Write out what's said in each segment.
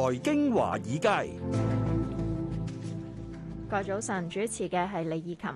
財經華爾街，各位早晨，主持嘅係李綺琴。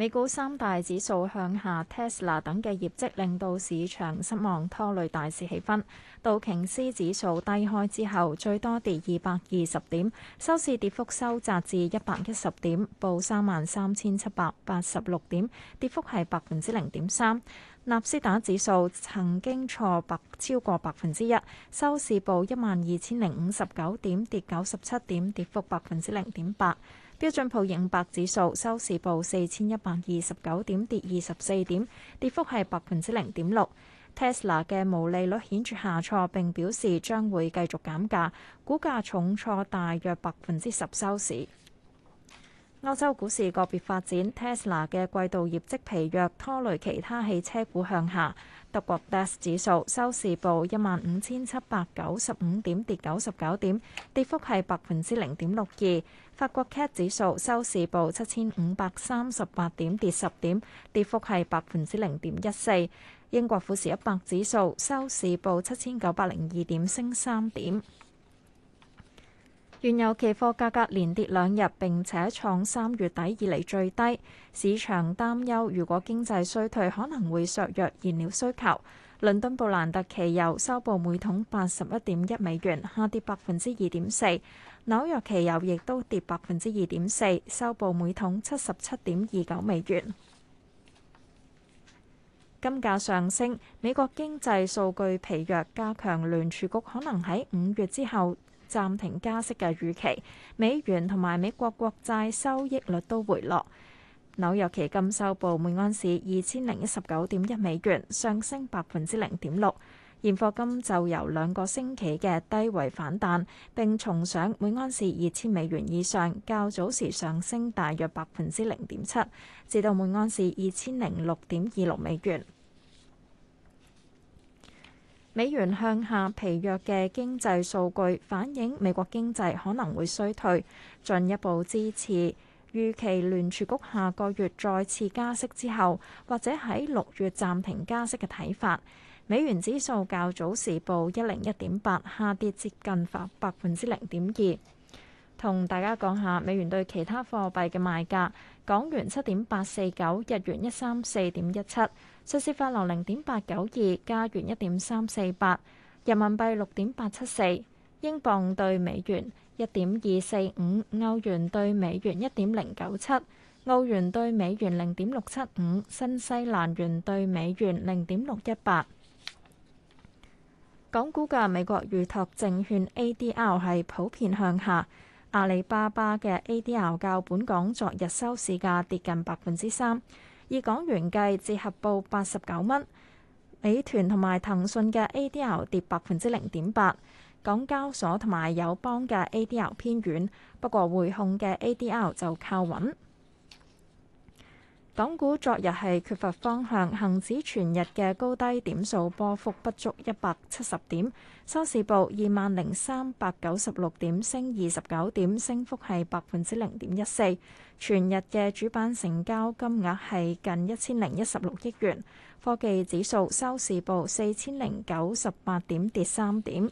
美股三大指數向下，Tesla 等嘅業績令到市場失望，拖累大市氣氛。道瓊斯指數低開之後，最多跌二百二十點，收市跌幅收窄至一百一十點，報三萬三千七百八十六點，跌幅係百分之零點三。納斯達克指數曾經挫百超過百分之一，收市報一萬二千零五十九點，跌九十七點，跌幅百分之零點八。標準普爾五百指數收市報四千一百二十九點，跌二十四點，跌幅係百分之零點六。Tesla 嘅毛利率顯著下挫，並表示將會繼續減價，股價重挫大約百分之十收市。歐洲股市個別發展，Tesla 嘅季度業績疲弱拖累其他汽車股向下。德國 DAX 指數收市報一萬五千七百九十五點，跌九十九點，跌幅係百分之零點六二。法國 CAC 指數收市報七千五百三十八點，跌十點，跌幅係百分之零點一四。英國富時一百指數收市報七千九百零二點，升三點。原油期貨價格連跌兩日，並且創三月底以嚟最低。市場擔憂如果經濟衰退，可能會削弱燃料需求。倫敦布蘭特期油收報每桶八十一點一美元，下跌百分之二點四。紐約期油亦都跌百分之二點四，收報每桶七十七點二九美元。金價上升，美國經濟數據疲弱，加強聯儲局可能喺五月之後暫停加息嘅預期，美元同埋美國國債收益率都回落。紐約期金收報每安士二千零一十九點一美元，上升百分之零點六。現貨金就由兩個星期嘅低位反彈，並重上每安士二千美元以上，較早時上升大約百分之零點七，至到每安士二千零六點二六美元。美元向下疲弱嘅經濟數據反映美國經濟可能會衰退，進一步支持預期聯儲局下個月再次加息之後，或者喺六月暫停加息嘅睇法。美元指數較早時報一零一點八，下跌接近百分之零點二。同大家講下美元對其他貨幣嘅賣價：港元七點八四九，日元一三四點一七，瑞士法郎零點八九二，加元一點三四八，人民幣六點八七四，英鎊對美元一點二四五，歐元對美元一點零九七，澳元對美元零點六七五，新西蘭元對美元零點六一八。港股嘅美國預託證券 ADR 係普遍向下。阿里巴巴嘅 ADR 較本港昨日收市價跌近百分之三，以港元計折合報八十九蚊。美團同埋騰訊嘅 ADR 跌百分之零點八，港交所同埋友邦嘅 ADR 偏軟，不過匯控嘅 ADR 就靠穩。港股昨日係缺乏方向，恒指全日嘅高低點數波幅不足一百七十點，收市報二萬零三百九十六點，升二十九點，升幅係百分之零點一四。全日嘅主板成交金額係近一千零一十六億元。科技指數收市報四千零九十八點，跌三點。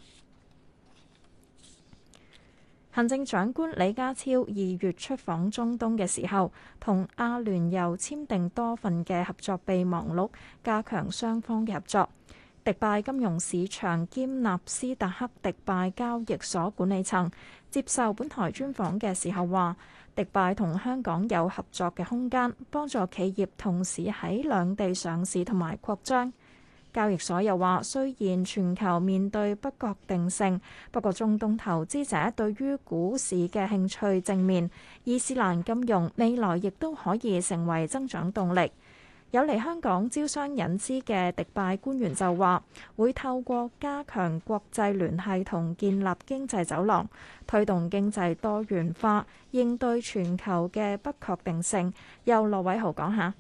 行政長官李家超二月出訪中東嘅時候，同阿聯酋簽訂多份嘅合作備忘錄，加強雙方嘅合作。迪拜金融市場兼納斯達克迪拜交易所管理層接受本台專訪嘅時候話，迪拜同香港有合作嘅空間，幫助企業同時喺兩地上市同埋擴張。交易所又話，雖然全球面對不確定性，不過中東投資者對於股市嘅興趣正面，伊斯蘭金融未來亦都可以成為增長動力。有嚟香港招商引資嘅迪拜官員就話會透過加強國際聯繫同建立經濟走廊，推動經濟多元化，應對全球嘅不確定性。由羅偉豪講下。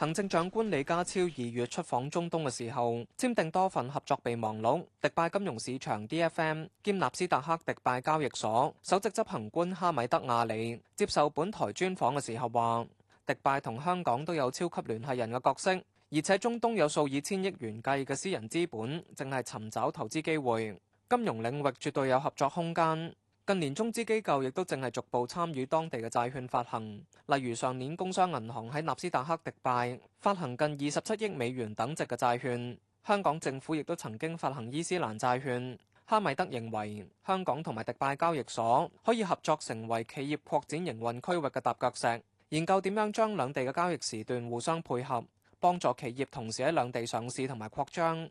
行政長官李家超二月出訪中東嘅時候，簽訂多份合作備忘錄。迪拜金融市場 DFM 兼納斯達克迪拜交易所首席執行官哈米德亞里接受本台專訪嘅時候話，迪拜同香港都有超級聯繫人嘅角色，而且中東有數以千億元計嘅私人資本，正係尋找投資機會，金融領域絕對有合作空間。近年，中資機構亦都正係逐步參與當地嘅債券發行，例如上年工商銀行喺納斯達克迪拜發行近二十七億美元等值嘅債券。香港政府亦都曾經發行伊斯蘭債券。哈米德認為，香港同埋迪拜交易所可以合作，成為企業擴展營運區域嘅踏腳石，研究點樣將兩地嘅交易時段互相配合，幫助企業同時喺兩地上市同埋擴張。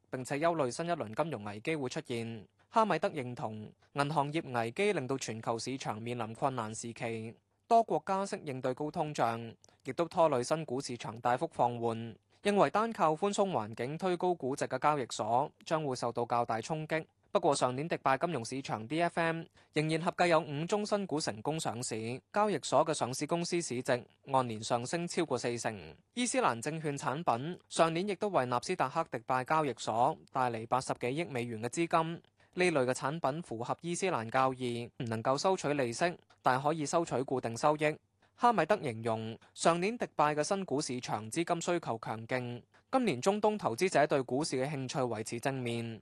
並且憂慮新一輪金融危機會出現。哈米德認同，銀行業危機令到全球市場面臨困難時期，多國加息應對高通脹，亦都拖累新股市場大幅放緩。認為單靠寬鬆環境推高估值嘅交易所，將會受到較大衝擊。不過上年迪拜金融市場 D F M 仍然合計有五宗新股成功上市，交易所嘅上市公司市值按年上升超過四成。伊斯蘭證券產品上年亦都為納斯達克迪拜交易所帶嚟八十幾億美元嘅資金。呢類嘅產品符合伊斯蘭教義，唔能夠收取利息，但可以收取固定收益。哈米德形容上年迪拜嘅新股市場資金需求強勁，今年中東投資者對股市嘅興趣維持正面。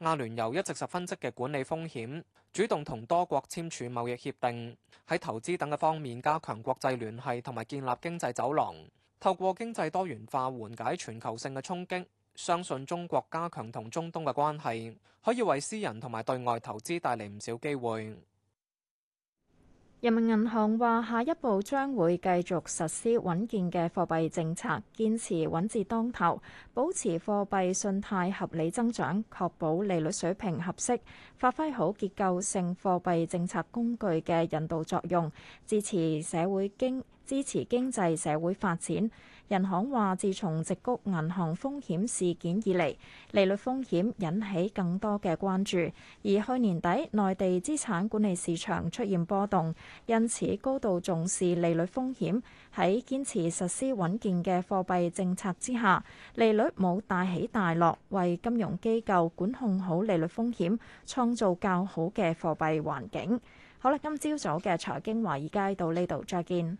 阿聯酋一直十分積極管理風險，主動同多國簽署貿易協定，喺投資等嘅方面加強國際聯繫同埋建立經濟走廊，透過經濟多元化緩解全球性嘅衝擊。相信中國加強同中東嘅關係，可以為私人同埋對外投資帶嚟唔少機會。人民銀行話：下一步將會繼續實施穩健嘅貨幣政策，堅持穩字當頭，保持貨幣信貸合理增長，確保利率水平合適，發揮好結構性貨幣政策工具嘅引導作用，支持社會經。支持經濟社會發展。人行話自從矽谷銀行風險事件以嚟，利率風險引起更多嘅關注。而去年底，內地資產管理市場出現波動，因此高度重視利率風險，喺堅持實施穩健嘅貨幣政策之下，利率冇大起大落，為金融機構管控好利率風險創造較好嘅貨幣環境。好啦，今朝早嘅財經華爾街到呢度，再見。